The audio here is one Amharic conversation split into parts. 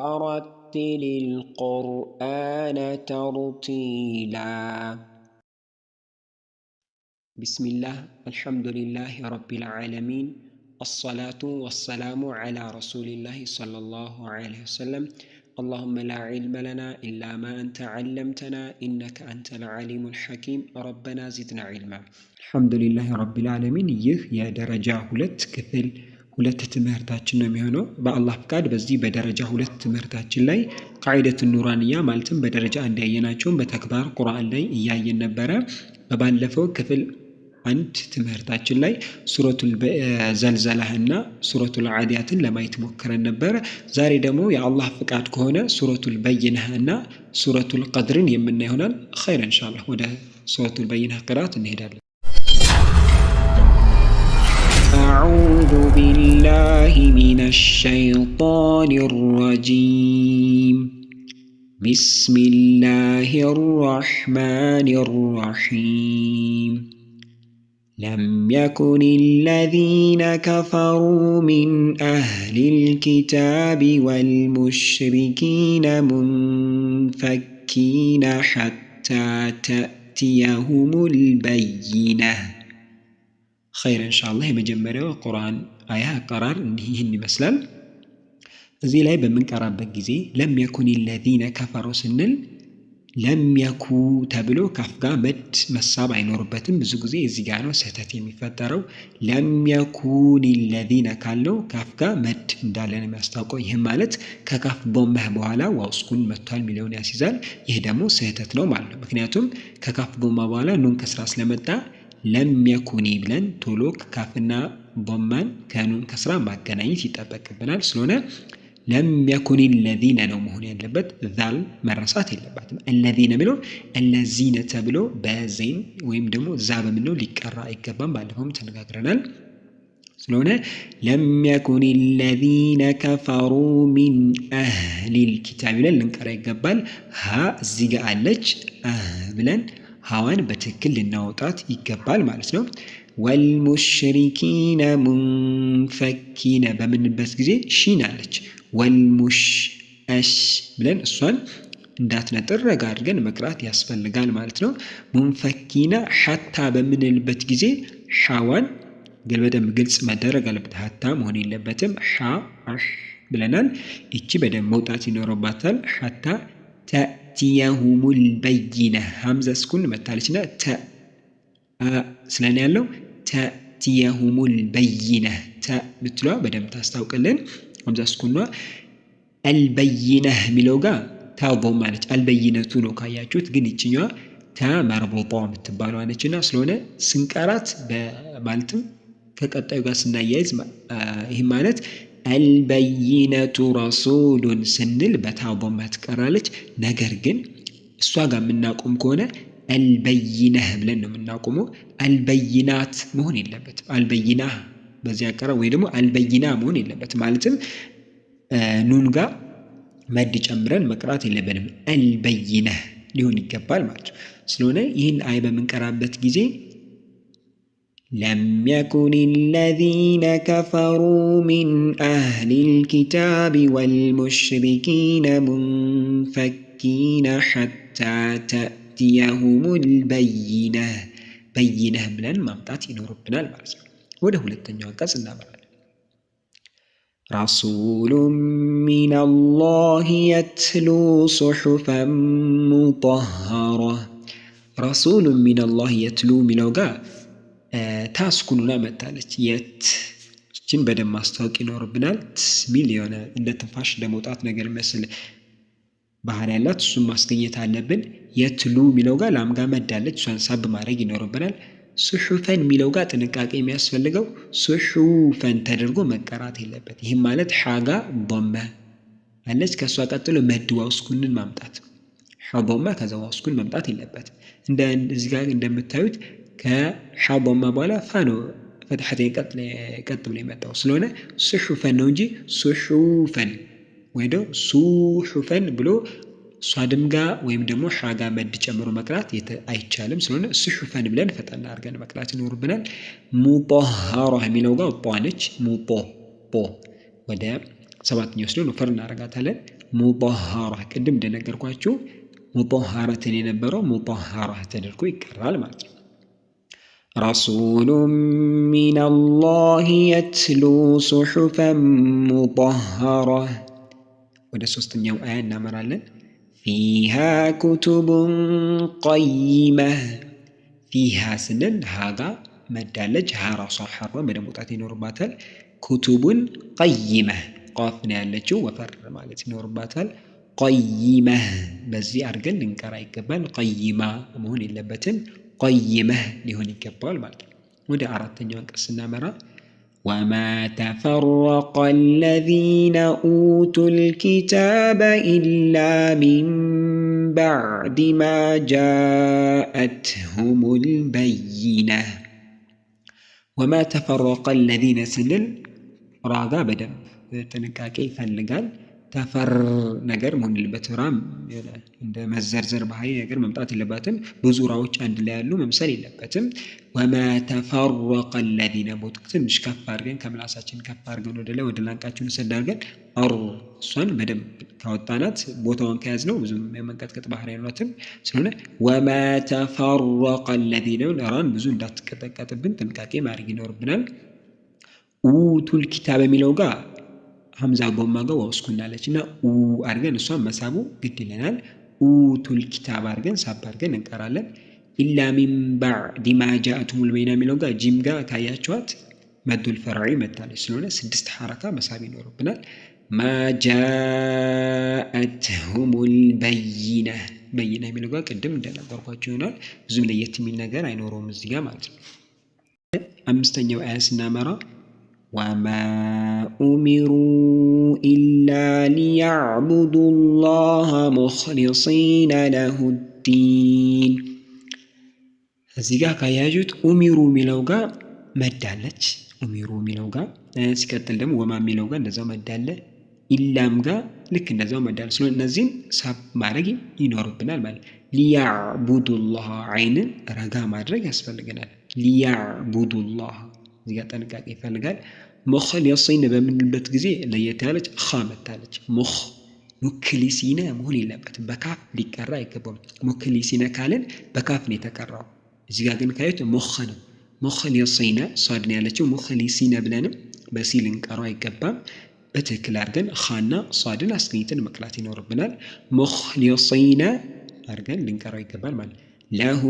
فرتل القرآن ترتيلا بسم الله الحمد لله رب العالمين الصلاة والسلام على رسول الله صلى الله عليه وسلم اللهم لا علم لنا إلا ما أنت علمتنا إنك أنت العليم الحكيم ربنا زدنا علما الحمد لله رب العالمين يه يا درجة هلت كثل ሁለት ትምህርታችን ነው የሚሆነው በአላህ ፍቃድ። በዚህ በደረጃ ሁለት ትምህርታችን ላይ ቃዒደቱ ኑራንያ ማለትም በደረጃ አንድ በተግባር ቁርአን ላይ እያየን ነበረ። በባለፈው ክፍል አንድ ትምህርታችን ላይ ሱረቱል ዘልዘላህ እና ሱረቱል አዲያትን ለማየት ሞክረን ነበር። ዛሬ ደግሞ የአላህ ፍቃድ ከሆነ ሱረቱል በይነህ እና ሱረቱል ቀድርን የምናይሆናል። ኸይር እንሻላ ወደ ሱረቱል በይነህ ቅራት እንሄዳለን። أعوذ بالله من الشيطان الرجيم بسم الله الرحمن الرحيم لم يكن الذين كفروا من أهل الكتاب والمشركين منفكين حتى تأتيهم البينه ኸይር እንሻላ የመጀመሪያው ቁርአን አያ አቀራር እንዲህ ይህን ይመስላል። እዚህ ላይ በምንቀራበት ጊዜ ለም የኩን ለዚነ ከፈሩ ስንል ለም የኩ ተብሎ ካፍ ጋር መድ መሳብ አይኖርበትም። ብዙ ጊዜ እዚህ ጋር ነው ስህተት የሚፈጠረው። ለም የኩን ለዚነ ካለው ካፍ ጋር መድ እንዳለ ነው የሚያስታውቀው። ይህም ማለት ከካፍ ቦመህ በኋላ ዋው ስኩን መጥቷል የሚለውን ያስይዛል። ይህ ደግሞ ስህተት ነው ማለት ነው። ምክንያቱም ከካፍ ቦማ በኋላ ኑን ከስራ ስለመጣ ለም የኩኒ ብለን ቶሎ ካፍና ቦማን ከኑን ከስራ ማገናኘት ይጠበቅብናል። ስለሆነ ለም የኩኒ ለዚነ ነው መሆን ያለበት። ዛል መረሳት የለባትም። እለዚነ የሚለው እለዚነ ተብሎ በዜን ወይም ደግሞ ዛ በምንለው ሊቀራ አይገባም። ባለፈውም ተነጋግረናል። ስለሆነ ለም ለምየኩን ለዚነ ከፈሩ ሚን አህሊል ኪታብ ብለን ልንቀራ ይገባል። ሀ እዚህ ጋ አለች ብለን ሀዋን በትክክል ልናወጣት ይገባል ማለት ነው። ወልሙሽሪኪነ ሙንፈኪነ በምንበት ጊዜ ሺን አለች። ወልሙሽ እሽ ብለን እሷን እንዳትነጥር ረጋ አድርገን መቅራት ያስፈልጋል ማለት ነው። ሙንፈኪነ ሐታ በምንልበት ጊዜ ሐዋን በደንብ ግልጽ መደረግ አለበት። ሐታ መሆን የለበትም። ሐ ብለናል። እቺ በደንብ መውጣት ይኖረባታል። ሐታ ተአትየሁሙል በይነ ሀምዛ ስኩን መታለች እና ተ ስለኔ ያለው ተአትየሁሙል በይነ ተ ምትሏ በደንብ ታስታውቅልን። ሀምዛ ስኩኗ አልበይነህ የሚለው ጋር ታቦም ማለች አልበይነቱ ነው ካያችሁት። ግን ይችኛዋ ታ መርቦጣ የምትባለው ነች እና ስለሆነ ስንቀራት ማለትም ከቀጣዩ ጋር ስናያይዝ ይህ ማለት አልበይነቱ ረሱሉን ስንል በታቦ ማትቀራለች። ነገር ግን እሷ ጋር የምናቆም ከሆነ አልበይነህ ብለን ነው የምናቆመው። አልበይናት መሆን የለበትም። አልበይና በዚያ ቀረ ወይ ደግሞ አልበይና መሆን የለበት ማለትም ኑን ጋር መድ ጨምረን መቅራት የለብንም። አልበይነህ ሊሆን ይገባል ማለት ነው። ስለሆነ ይህን አይ በምንቀራበት ጊዜ لم يكن الذين كفروا من أهل الكتاب والمشركين منفكين حتى تأتيهم البينة بينة بلن ما ይኖርብናል ربنا ነው። ወደ ሁለተኛው አንቀጽ እናመራለን። رسول من الله يتلو صحفا مطهرة رسول من الله يتلو ሚለው ታስኩሉና መጣለች። የት ችን በደንብ ማስታወቅ ይኖርብናል። ሚል የሆነ እንደ ትንፋሽ እንደ ነገር መስል ባህሪ ያላት እሱም ማስገኘት አለብን። የትሉ የሚለው ጋር ላምጋ መዳለች፣ እሷን ሳብ ማድረግ ይኖርብናል። ሱሑፈን የሚለው ጋር ጥንቃቄ የሚያስፈልገው ሱሑፈን ተደርጎ መቀራት የለበት። ይህም ማለት ሓጋ ቦመ አለች። ከእሷ ቀጥሎ መድ ዋውስኩንን ማምጣት ቦመ፣ ከዛ ዋውስኩን መምጣት የለበት። እዚህ ጋር እንደምታዩት ከሓ ቦማ በኋላ ፋ ነው ፈትሐተኝ ቀጥ ብሎ የመጣው ስለሆነ ስሑፈን ነው እንጂ ስሑፈን ወይ ደ ሱሑፈን ብሎ ሷድምጋ ወይም ደግሞ ሓጋ መድ ጨምሮ መቅራት አይቻልም። ስለሆነ ስሑፈን ብለን ፈጠና አድርገን መቅራት ይኖርብናል። ሙጦሃሯ የሚለው ጋር ጧነች ሙጦ ወደ ሰባተኛ ወስዶ ነፈር እናደርጋታለን። ሙጦሃሯ ቅድም እንደነገርኳችሁ ሙጦሃራትን የነበረው ሙጦሃራ ተደርጎ ይቀራል ማለት ነው። رسول من الله يتلو صحفا مطهرة ወደ ሶስተኛው አያ እናመራለን። ፊሃ ኩቱቡን ቀይመህ ፊሃ ስንል ሃጋ መዳለጅ ሃ ራሷ ሐራ መደሞጣት ይኖርባታል። ኩቱቡን ቀይመህ ቋፍና ያለችው ወፈር ማለት ይኖርባታል። ቀይመህ በዚህ አድርገን ልንቀራ ይገባል። ቀይማ መሆን የለበትም። ቀይመህ ሊሆን ይገባል ማለት ነው። ወደ አራተኛው አንቀጽ ስናመራ ወማ ተፈረቀ አለዚነ ኡቱ ልኪታበ ኢላ ሚን ባዕድ ማ ጃአትሁም ልበይነ። ወማ ተፈረቀ አለዚነ ስንል ራጋ በደንብ ጥንቃቄ ይፈልጋል። ተፈር ነገር መሆን የለበት ራም እንደ መዘርዘር ባህሪ ነገር መምጣት የለበትም። ብዙ ራዎች አንድ ላይ ያሉ መምሰል የለበትም። ወማ ተፈረቀ ለዚነ ሞት ትንሽ ከፍ አድርገን ከምላሳችን ከፍ አድርገን ወደ ላይ ወደ ላንቃችን ሰድ አድርገን አሩ እሷን በደንብ ካወጣናት ቦታውን ከያዝ ነው ብዙም የመንቀጥቀጥ ባህሪ አይኖራትም። ስለሆነ ወማ ተፈረቀ ለዚነ ራን ብዙ እንዳትቀጠቀጥብን ጥንቃቄ ማድረግ ይኖርብናል። ኡቱል ኪታብ የሚለው ጋር ሀምዛ ጎማ ጋር ዋው እስኩናለች እና ኡ አድርገን እሷን መሳቡ ግድ ይለናል። ኡቱል ኪታብ አድርገን ሳብ አድርገን እንቀራለን። ኢላ ሚን ባዕድ ማ ጃአቱሙል በይና የሚለው ጋር ጂም ጋር ታያቸዋት መዱል ፈርዒ መታለች ስለሆነ ስድስት ሐረካ መሳብ ይኖርብናል። ማ ጃአትሁሙል በይና በይና የሚለው ጋር ቅድም እንደነገርኳቸው ይሆናል። ብዙም ለየት የሚል ነገር አይኖረውም እዚህ ጋር ማለት ነው። አምስተኛው አያ ስናመራ ወማ ኡሚሩ ኢላ ሊያዕቡዱ ላህ ሙኽሊሲነ ለሁዲን። እዚህ ጋር ካያዩት ኡሚሩ የሚለው ጋር መዳለች። ኡሚሩ የሚለው ጋር ሲቀጥል ደግሞ ወማ የሚለው ጋር እንደዛው መዳለ፣ ኢላም ጋር ልክ እንደዛው መዳለ ስለሆነ እነዚህን ሳብ ማድረግ ይኖርብናል ማለት ሊያዕቡዱላህ አይንን ረጋ ማድረግ ያስፈልገናል። ሊያዕቡዱላህ እዚህ ጋር ጥንቃቄ ይፈልጋል። ሙክሊሲን በምንልበት ጊዜ ለየት ያለች ኻ መታለች። ሙኽ ሙክሊሲነ መሆን የለበትም በካፍ ሊቀራ አይገባም። ሙክሊሲነ ካልን በካፍ ነው የተቀራው። እዚጋ ግን ካዩት ሙኽ ነው። ሙክሊሲነ ሷድን ያለችው ሙክሊሲነ ብለንም በሲል ልንቀራው አይገባም። በትክክል አድርገን ኻና ሷድን አስገኝተን መቅላት ይኖርብናል። ሙክሊሲነ አድርገን ልንቀራው ይገባል ማለት ለሁ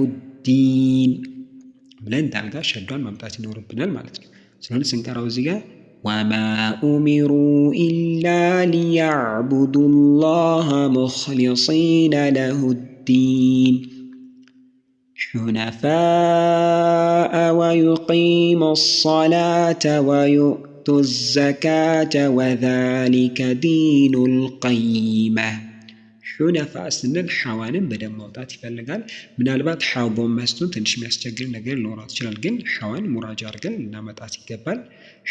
ብለን ዳልጋ ሸዷን ማምጣት ይኖርብናል ማለት ነው። سنلس انكاروزيغا وما أمروا إلا ليعبدوا الله مخلصين له الدين حنفاء ويقيموا الصلاة ويؤتوا الزكاة وذلك دين القيمة ሑነፋ ስንል ሐዋንን በደንብ ማውጣት ይፈልጋል። ምናልባት ሐው ጎመስቱን ትንሽ የሚያስቸግር ነገር ሊኖራት ይችላል። ግን ሐዋን ሙራጃ አድርገን እናመጣት ይገባል።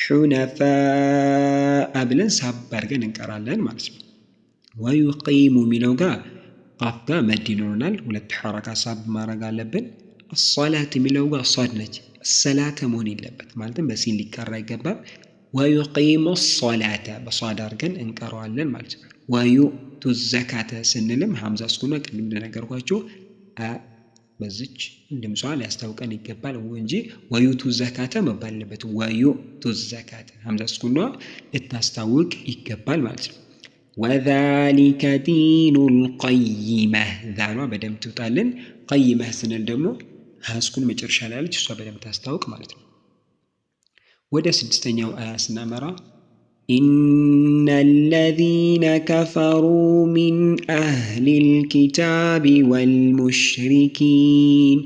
ሑነፋ ብለን ሳብ አድርገን እንቀራለን ማለት ነው። ወዩቂሙ የሚለው ጋር ቃፍ ጋር መድ ይኖረናል። ሁለት ሐረካ ሳብ ማድረግ አለብን። አሰላት የሚለው ጋር ሷድ ነች። ሰላተ መሆን የለበት ማለትም በሲን ሊቀራ ይገባል። ወዩቂሙ ሶላተ በሷድ አድርገን እንቀረዋለን ማለት ነው። ዋዩ ቱ ዘካተ ስንልም ሀምዛ እስኩነ ቅድም እንደነገርኳችሁ በዚች ድምጿን ሊያስታውቀን ይገባል እንጂ ዋዩ ቱ ዘካተ መባል አለበት። ቱ ዘካተ ሀምዛ እስኩኗ ልታስታውቅ ይገባል ማለት ነው። ወዛሊከ ዲኑ ቀይመህ ዛኗ በደምብ ትውጣልን። ቀይመህ ስንል ደግሞ ሀስኩን መጨረሻ ላይ ያለች እሷ በደምብ ታስታውቅ ማለት ነው። ወደ ስድስተኛው አያ ስናመራ إن الذين كفروا من أهل الكتاب والمشركين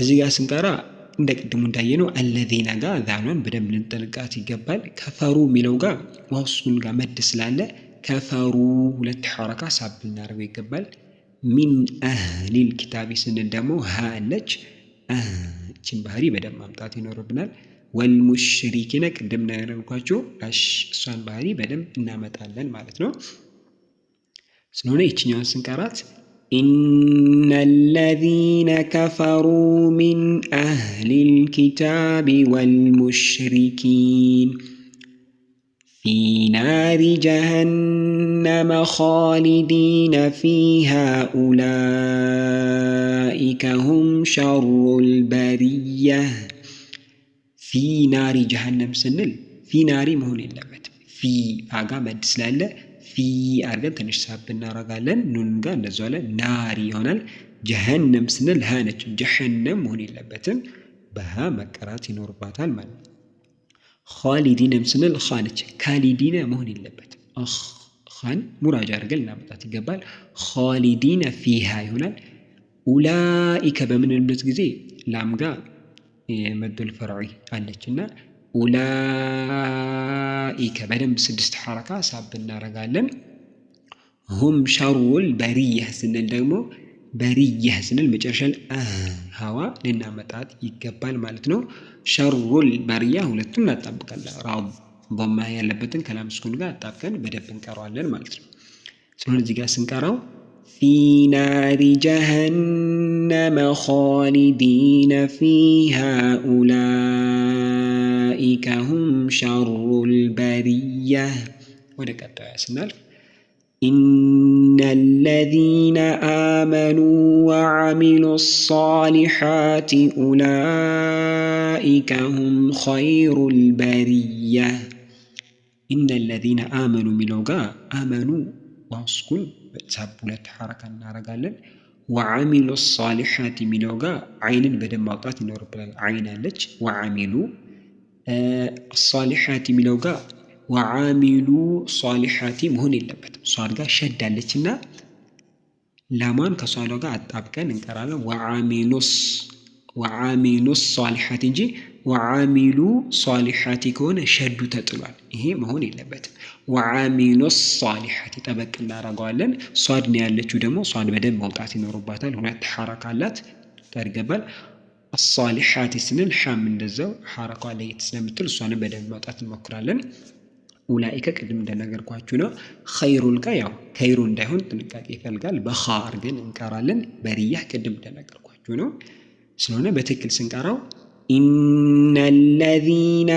እዚህ ጋር ስንጠራ እንደ ቅድሙ እንዳየነው አለዜና ጋር ዛኗን በደንብ ልንጠነቃት ይገባል። ከፈሩ የሚለው ጋር ዋሱን ጋር መድ ስላለ ከፈሩ ሁለት ሐረካ ሳብ ልናደርገው ይገባል። ሚን አህሊል ኪታቢ ስንል ደግሞ ሀ አለች። እችን ባህሪ በደንብ ማምጣት ይኖርብናል። ወልሙሽሪኪነ ቅድም ነገርኳችሁ አሽ እሷን ባህሪ በደንብ እናመጣለን ማለት ነው። ስለሆነ ይችኛውን ስንቀራት إن الذين كفروا من أهل الكتاب والمشركين في نار جهنم خالدين فيها أولئك هم شر البرية ፊ ናሪ ጀሃነም ስንል ፊ ናሪ መሆን የለበትም። ፊ ፋጋ መድ ስላለ ፊ አድርገን ትንሽ ሳብ እናረጋለን። ኑን ጋር እንደዚያ አለ ናሪ ይሆናል። ጀሃነም ስንል ሀ ነች፣ ጀሃነም መሆን የለበትም። በሀ መቀራት ይኖርባታል ማለት ነው። ኻሊዲነም ስንል ኻ ነች፣ ካሊዲነ መሆን የለበትም። ኻን ሙራጅ አድርገን እናመጣት ይገባል። ኻሊዲነ ፊሃ ይሆናል። ኡላኢከ በምንልበት ጊዜ ላምጋ መዶል ፈርዒ አለች እና ኡላኢከ በደንብ ስድስት ሐረካ ሳብ እናረጋለን። ሁም ሸሩል በሪያ ስንል ደግሞ በሪያ ስንል መጨረሻ ሀዋ ልናመጣት ይገባል ማለት ነው። ሸሩል በሪያ ሁለቱም እናጣብቃለን። ራው ቦማ ያለበትን ከላም ስኩን ጋር አጣብቀን በደንብ እንቀረዋለን ማለት ነው። ስለሆነ እዚህ ጋር ስንቀራው في نار جهنم خالدين فيها أولئك هم شر البرية آية آية إن الذين آمنوا وعملوا الصالحات أولئك هم خير البرية إن الذين آمنوا ملوغا آمنوا واسكنوا ሳብ ሁለት ሐረካ እናደርጋለን። ወዓሚሉ ሷሊሓት የሚለው ጋር አይንን በደንብ ማውጣት ይኖርብናል። አይን አለች። ወዓሚሉ ሷሊሓት የሚለው ጋር ወዓሚሉ ሷሊሓቲ መሆን የለበትም። ሷል ጋር ሸዳለች እና ላማን ከሷል ጋር አጣብቀን እንቀራለን። ወዓሚሉስ ወዓሚሉ ሷሊሓት እንጂ ወዓሚሉ ሷሊሓቲ ከሆነ ሸዱ ተጥሏል። ይሄ መሆን የለበትም። ወዓሚሉ ሷሊሓቲ ጠበቅ እናደርገዋለን። ሷድ ነው ያለችው ደግሞ ሷድ በደንብ መውጣት ይኖርባታል። ሁለት ሐረካ አላት ታድገባል። አሷሊሓቲ ስንል ሐም እንደዛው ሐረኳ ለየት ስለምትል እሷን በደንብ ማውጣት እንሞክራለን። ኡላኢከ ቅድም እንደነገርኳችሁ ነው። ኸይሩን ቃ ያው ከይሩ እንዳይሆን ጥንቃቄ ይፈልጋል። በኻ አድርገን እንቀራለን። በርያህ ቅድም እንደነገርኳችሁ ነው። ስለሆነ بتكل سنكارو إن الذين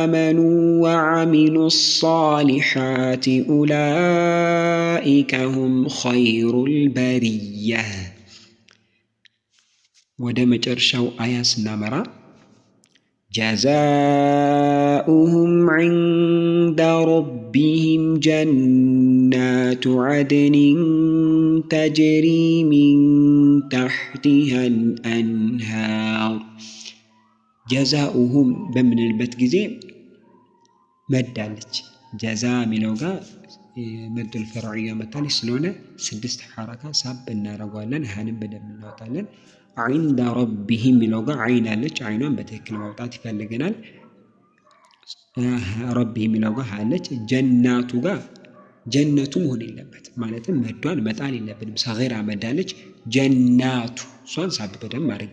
آمنوا وعملوا الصالحات أولئك هم خير البرية ودم جرشو آياس نمرة جزاؤهم عند رب ربهم جنات عدن تجري من تحتها الأنهار ጀዛኡሁም በምንልበት ጊዜ መዳለች። ጀዛ ሚለው ጋር መዱል ፈርዕያ መታለች ስለሆነ ስድስት ሐረካ ሳብ እናደርገዋለን። ሀንም በደንብ እናወጣለን። ዐይንዳ ረቢሂም ሚለው ጋር ዐይን አለች። ዐይኗን በትክክል ማውጣት ይፈልገናል። ረቢ የሚለው ጋር አለች። ጀናቱ ጋር ጀነቱ መሆን የለበት ማለትም መዷን መጣል የለብንም። ሰራ መዳለች ጀናቱ እሷን ሳብ በደንብ ማድረግ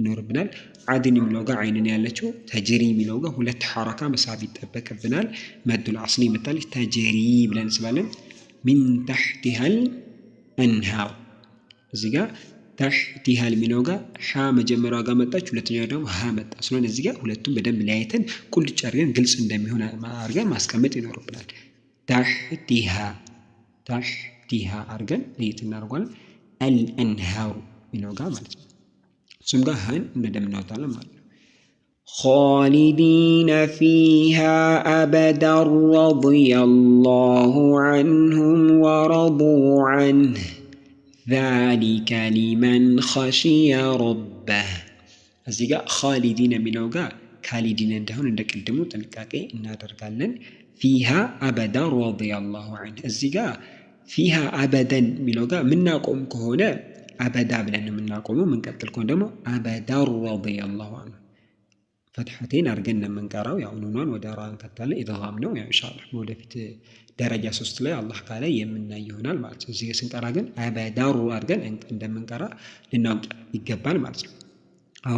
ይኖርብናል። አድን የሚለው ጋር አይንን ያለችው ተጀሪ የሚለው ጋር ሁለት ሐረካ መሳብ ይጠበቅብናል። መዱል አስሊ መጣለች ተጀሪ ብለን ስባለን ሚን ታሕቲሃል አንሃር እዚ ጋር ዳሽ ዲሃል የሚለው ጋር ሻ መጀመሪያዋ ጋር መጣች፣ ሁለተኛው ደግሞ ሀ መጣ። ስለሆነ እዚህ ጋር ሁለቱም በደንብ ለያይተን ቁልጭ አድርገን ግልጽ እንደሚሆን አድርገን ማስቀመጥ ይኖርብናል። ዳሽ ዲሃ አድርገን ለየት እናደርጓለን። አልአንሃሩ የሚለው ጋር ማለት ነው። እሱም ጋር ሀን በደንብ እናወጣለን ማለት ነው። فيها أبدا رضي الله عنهم ورضوا عنه ዛሊከ ሊመን ኸሽየ ረበህ። እዚህ ጋር ኻሊዲን የሚለው ጋር ካሊዲን እንዳይሆን እንደ ቅድሙ ጥንቃቄ እናደርጋለን። ፊሃ አበዳ ረዲየላሁ ዐንሁ። እዚህ ጋር ፊሃ አበደን የሚለው ጋር የምናቆም ከሆነ አበዳ ብለን የምናቆመው፣ ምንቀጥል ከሆነ ደግሞ አበዳ ረዲየላሁ ዐንሁ ፈትሐቴን አድርገን የምንቀራው። ያው ኑኗን ወደ ራ ከተለ ኢድሃም ነው። ያው ኢንሻአላህ በወደፊት ደረጃ ሶስት ላይ አላህ ካለ የምናይ ይሆናል ማለት ነው። እዚህ ስንቀራ ግን አበዳሩ አድርገን እንደምንቀራ ልናውቅ ይገባል ማለት ነው።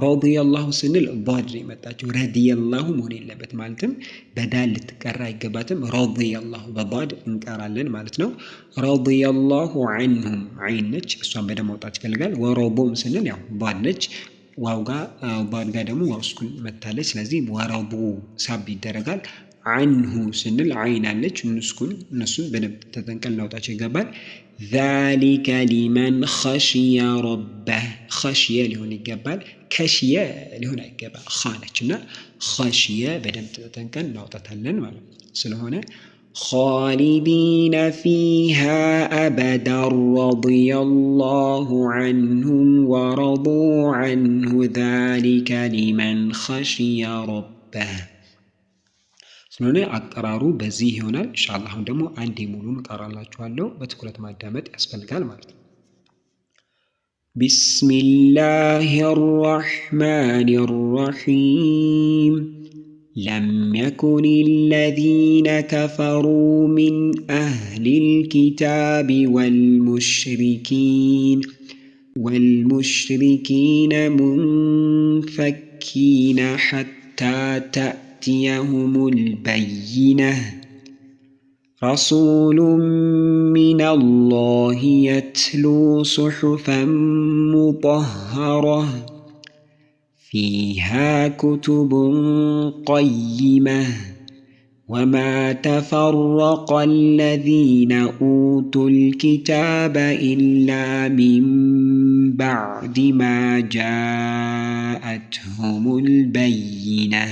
ረዲየላሁ ስንል ባድ የመጣችው ረዲየላሁ መሆን የለበት ማለትም በዳል ልትቀራ አይገባትም። ረዲየላሁ በባድ እንቀራለን ማለት ነው። ረዲየላሁ አንሁም አይን ነች፣ እሷን በደም ማውጣት ይፈልጋል። ወረቦም ስንል ያው ባድ ነች ዋው ጋር ባድ ጋር ደግሞ ዋው ስኩን መታለች። ስለዚህ ወረቡ ሳብ ይደረጋል። አንሁ ስንል አይን አለች ንስኩን እነሱን በደንብ ተጠንቀል ላውጣቸው ይገባል። ዛሊከ ሊመን ኸሽየ ረበህ ኸሽየ ሊሆን ይገባል። ከሽየ ሊሆን አይገባ ነች እና ኸሽየ በደንብ ተጠንቀን ላውጣታለን ማለት ስለሆነ خالدين فيها أبدا رضي الله عنهم ورضوا عنه ذلك لمن خشي ربه سنونا أقرارو بزيه هنا إن شاء الله هم دمو عندي مولون قرار الله جواله بتكولت ما دامت أسفل مالتي بسم الله الرحمن الرحيم لم يكن الذين كفروا من أهل الكتاب والمشركين والمشركين منفكين حتى تأتيهم البينة رسول من الله يتلو صحفا مطهره فيها كتب قيمه وما تفرق الذين اوتوا الكتاب الا من بعد ما جاءتهم البينه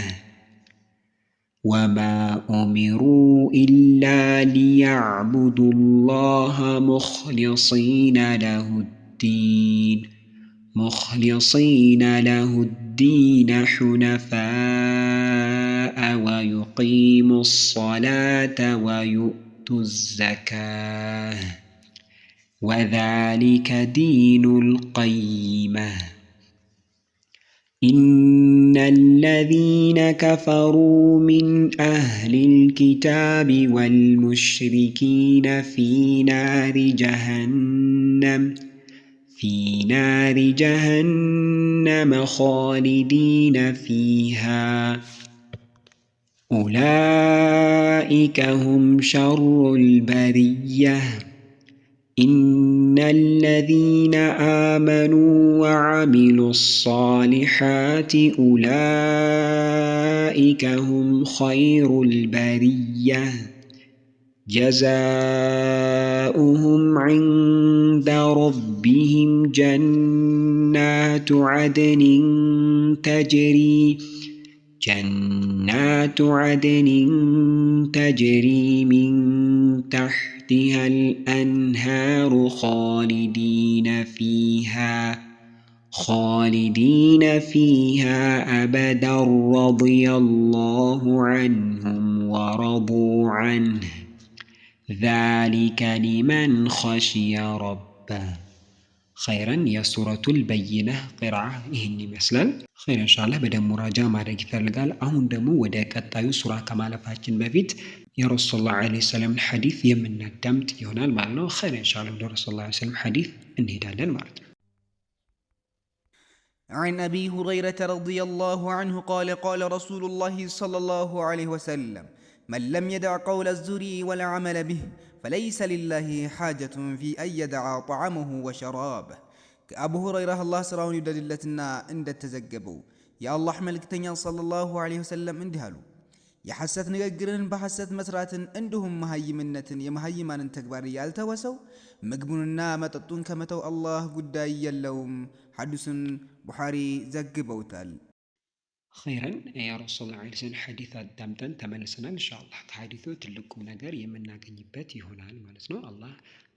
وما امروا الا ليعبدوا الله مخلصين له الدين مخلصين له الدين الدين حنفاء ويقيموا الصلاة ويؤتوا الزكاة وذلك دين القيمة إن الذين كفروا من أهل الكتاب والمشركين في نار جهنم في نار جهنم خالدين فيها أولئك هم شر البرية إن الذين آمنوا وعملوا الصالحات أولئك هم خير البريه جزاؤهم عند ربهم جنات عدن تجري جنات عدن تجري من تحتها الأنهار خالدين فيها خالدين فيها أبدا رضي الله عنهم ورضوا عنه ذلك لمن خشي ربه خيرا يا سورة البينة قراءة إني مثلا خير إن شاء الله بدأ مراجعة مع رجيف الرجال أهون دمو ودك تايو سورة كمال فاتن بفيت يا رسول الله عليه السلام الحديث يمنى الدمت يهنا المعنى خير إن شاء الله بدأ رسول الله عليه السلام الحديث إنه دال المعلن عن أبي هريرة رضي الله عنه قال قال رسول الله صلى الله عليه وسلم من لم يدع قول الزور والعمل به فليس لله حاجة في أن يدع طعامه وشرابه كأبو هريرة الله سراون يدد لتنا عند التزقبو يا الله ملك صلى الله عليه وسلم اندهالو يا حسث نقرن بحسث مسرات عندهم مهيمنة يا مهيمان تكبر يا التوسو مقبون النام تطون كمتو الله قد يلوم حدس بحاري زقبوتال ኸይረን የረሱል ላ ሐዲት አዳምጠን ተመልሰናል። እንሻአላህ ከሐዲቱ ትልቅ ቁም ነገር የምናገኝበት ይሆናል ማለት ነው። አላህ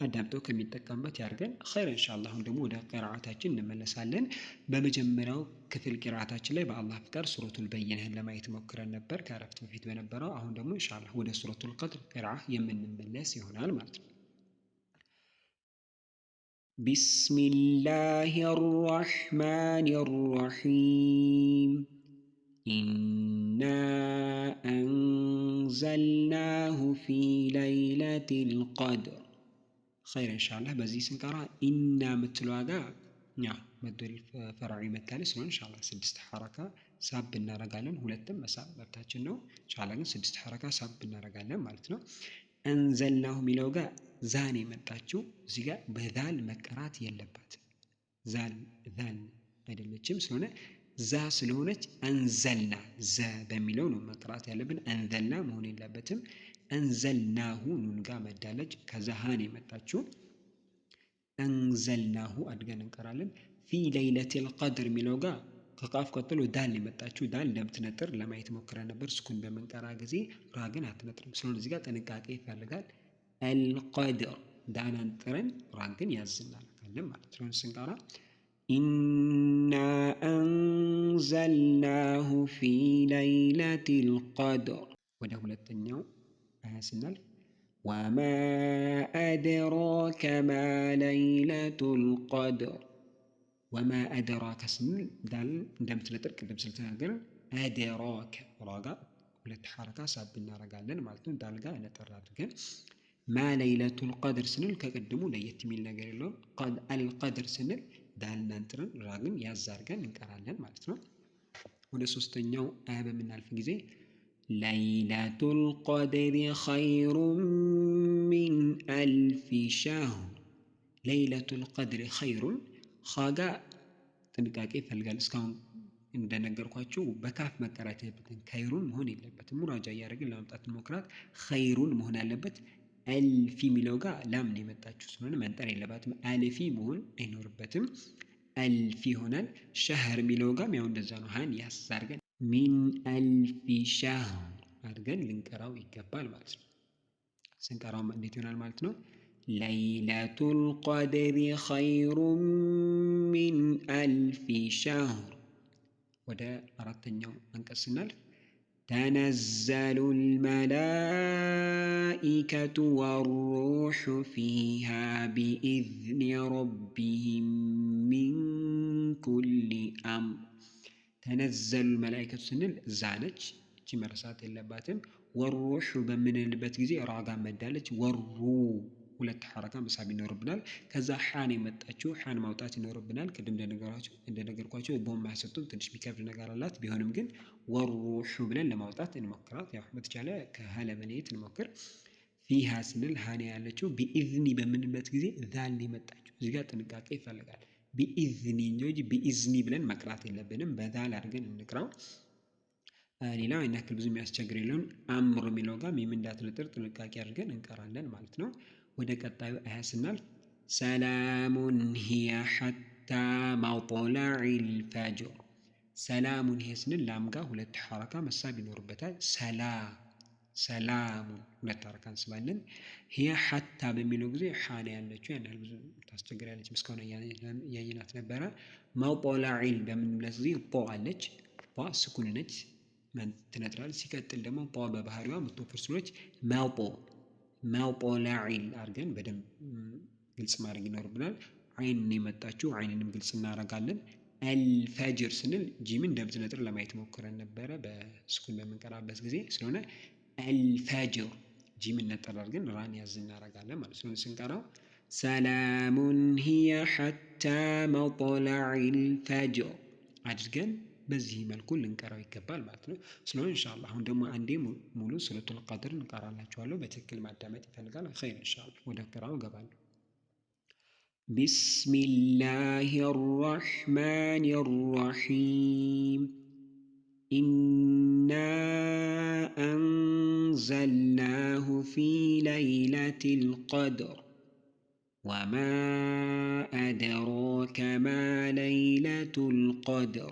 አዳምጠው ከሚጠቀምበት ያድርገን። ኸይረን እንሻአላህ። አሁን ደግሞ ወደ ቅርአታችን እንመለሳለን። በመጀመሪያው ክፍል ቅርአታችን ላይ በአላህ ፍቃድ ሱረቱል በይነህን ለማየት ሞክረን ነበር ከእረፍት በፊት በነበረው። አሁን ደግሞ እንሻአላህ ወደ ሱረቱል ቀድር ቅርአ የምንመለስ ይሆናል ማለት ነው። ቢስሚላሂ አራሕማን አራሒም ኢና አንዘልናሁ ፊ ለይለቲል ቀድር ኸይር ኢንሻአላህ። በዚህ ስንቀራ ኢና የምትለዋ ጋር ያ መዶል ፈራዒ መታለች ስለሆነ ኢንሻአላህ ስድስት ሐረካ ሳብ እናረጋለን። ሁለትም መሳብ መብታችን ነው ኢንሻአላህ፣ ግን ስድስት ሐረካ ሳብ እናረጋለን ማለት ነው። አንዘልናሁ የሚለው ጋር ዛን የመጣችው እዚህ ጋር በዛል መቀራት የለባት ዛል ዛል አይደለችም ስለሆነ ዛ ስለሆነች አንዘልና ዘ በሚለው ነው መጥራት ያለብን። አንዘልና መሆን የለበትም። አንዘልናሁ ኑን ጋር መዳለች ከዛ ሃን የመጣችው አንዘልናሁ አድገን እንቀራለን። ፊ ለይለቲል ቀድር የሚለው ጋር ከቃፍ ቀጥሎ ዳል የመጣችው ዳል ለምትነጥር ለማየት ሞክረ ነበር። ስኩን በምንቀራ ጊዜ ራ ግን አትነጥርም። ስለሆነ እዚህ ጋር ጥንቃቄ ይፈልጋል። አልቀድር ዳን አንጥረን ራ ግን ያዝናል ካለን ማለት ስለሆነ ስንቀራ ኢና አንዘልናሁ ፊ ለይለቲል ቀድር። ወደ ሁለተኛው አያ ስናልፍ ወማ አድራከ ማ ለይለቱል ቀድር። ወማ አድራከ ስንል እንደምትለጥር ቅድም ስለተናገረ አድራከ ራጋ ሁለት ሐረካ ሳብ እናረጋለን ማለት ነው። ዳልጋ ነጠር አድርገን ማ ለይለቱል ቀድር ስንል ከቅድሙ ለየት የሚል ነገር የለውም። አልቀድር ስንል ዳልና ንጥርን ራግም ያዝ አድርገን እንቀራለን ማለት ነው። ወደ ሶስተኛው አያ በምናልፍ ጊዜ ለይለቱል ቀድሪ ኸይሩ ሚን አልፊ ሻህር፣ ለይለቱል ቀድሪ ኸይሩን ኸጋ ጥንቃቄ ይፈልጋል። እስካሁን እንደነገርኳችሁ በካፍ መቀራት የለበትም። ከይሩን መሆን የለበትም። ሙራጃ እያደረግን ለመምጣት ሞክራት። ኸይሩን መሆን አለበት። አልፊ የሚለው ጋር ላም ነው የመጣችው ስለሆነ መንጠር የለባትም። አልፊ መሆን አይኖርበትም። አልፊ ይሆናል። ሻህር የሚለው ጋም ያው እንደዛ ነው። ሀን ያስ አድርገን ሚን አልፊ ሻህር አድርገን ልንቀራው ይገባል ማለት ነው። ስንቀራው እንዴት ይሆናል ማለት ነው? ለይለቱል ቀድሪ ኸይሩ ሚን አልፊ ሻህር። ወደ አራተኛው አንቀጽ ስናልፍ ተነዘሉ ልመላኢከቱ ወሩሑ ፊሃ ቢኢዝኒ ረቢሂም ሚን ኩሊ አምር። ተነዘሉ ልመላኢከቱ ስንል እዛ ነች፣ እቺ መረሳት የለባትም። ወሩሑ በምንልበት ጊዜ ራጋ መዳለች። ወሩ ሁለት ሐረካ መሳብ ይኖርብናል። ከዛ ሓን የመጣችው ሓን ማውጣት ይኖርብናል። ቅድም እንደነገርኳቸው ቦም ማሰጡን ትንሽ የሚከብድ ነገር አላት። ቢሆንም ግን ወሩሑ ብለን ለማውጣት እንሞክራት። ያው በተቻለ ከሀ ለመለየት እንሞክር። ፊሃ ስንል ሀን ያለችው ቢኢዝኒ በምንበት ጊዜ ዛል የመጣችው እዚህ ጋር ጥንቃቄ ይፈልጋል። ቢኢዝኒ እንጂ ቢኢዝኒ ብለን መቅራት የለብንም። በዛል አድርገን እንቅራው። ሌላው ይህን ብዙ የሚያስቸግር የለውን አምሮ የሚለው ጋር የምንዳትንጥር ጥንቃቄ አድርገን እንቀራለን ማለት ነው። ወደ ቀጣዩ አያ ስናልፍ ሰላሙን ሂያ ሐታ መጥለዒል ፈጅር ሰላሙን ሂያ ስንል ላም ጋር ሁለት ሐረካ መሳብ ይኖርበታል። ሰላ ሰላሙን ሁለት ሐረካ እንስባለን። ሂያ ሐታ በሚለው ጊዜ ሓነ ያለችው ያን ያህል ብዙ ያለች እስካሁን እያየናት ነበረ። መጥለዒል በምንብለት ጊዜ ጦ አለች። ጧ ስኩን ነች ትነጥራል። ሲቀጥል ደግሞ ጧ በባህሪዋ ምትወፍር ስሎች መጦ መጦላዒን አድርገን በደንብ ግልጽ ማድረግ ይኖርብናል። አይንን የመጣችው አይንንም ግልጽ እናደርጋለን። አልፈጅር ስንል ጂምን ነጥር ለማየት ሞክረን ነበረ በስኩል በምንቀራበት ጊዜ ስለሆነ አልፈጅር ጂምን ነጠር አድርገን ራን ያዝ እናደርጋለን ማለት ስለሆነ ስንቀራው ሰላሙን ሂየ ሐታ መጦላዒ ፈጅር አድርገን በዚህ መልኩ ልንቀራው ይገባል ማለት ነው። ስለሆነ እንሻላ አሁን ደግሞ አንዴ ሙሉ ሱረቱል ቀድር እንቀራላችኋለሁ። በትክክል ማዳመጥ ይፈልጋል። ኸይር እንሻላ ወደ ቅራው እገባለሁ። ቢስሚላሂ ራሕማን ራሒም ኢና አንዘልናሁ ፊ ለይለቲል ቀድር وما أدراك ما ليلة القدر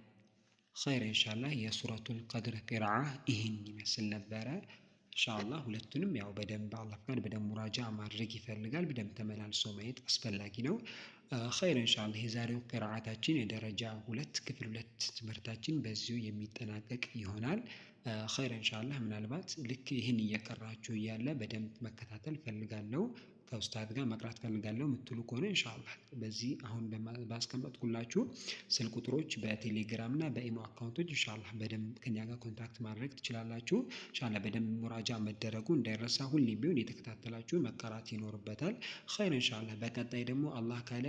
ኸይር እንሻላ የሱረቱል ቀድር ቂርዓ ይህን ይመስል ነበረ። ኢንሻአላህ ሁለቱንም ያው በደንብ አላህ ፍቃድ በደንብ ሙራጃ ማድረግ ይፈልጋል። በደንብ ተመላልሶ ማየት አስፈላጊ ነው። ኸይር ኢንሻአላህ የዛሬው ቅርዓታችን የደረጃ ሁለት ክፍል ሁለት ትምህርታችን በዚሁ የሚጠናቀቅ ይሆናል። ኸይር እንሻላ ምናልባት ልክ ይህን እየቀራችሁ እያለ በደንብ መከታተል ፈልጋለሁ። ከኡስታዝ ጋር መቅራት ፈልጋለሁ የምትሉ ከሆነ እንሻላ በዚህ አሁን ባስቀመጥኩላችሁ ስልክ ቁጥሮች በቴሌግራም እና በኢሞ አካውንቶች እንሻላ በደንብ ከኛ ጋር ኮንታክት ማድረግ ትችላላችሁ። እንሻላ በደንብ ሙራጃ መደረጉ እንዳይረሳ ሁሌም ቢሆን የተከታተላችሁ መቀራት ይኖርበታል። ኸይር እንሻላ በቀጣይ ደግሞ አላህ ካለ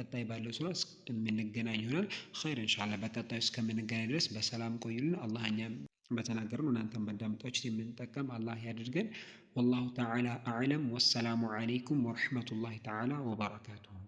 ቀጣይ ባለው ስራ የምንገናኝ ይሆናል። ኸይር እንሻላ በቀጣይ እስከምንገናኝ ድረስ በሰላም ቆዩልን። አላህ እኛም በተናገርን እናንተን በዳምጣችሁ የምንጠቀም አላህ ያድርገን። والله تعالى أعلم والسلام عليكم ورحمة الله تعالى وبركاته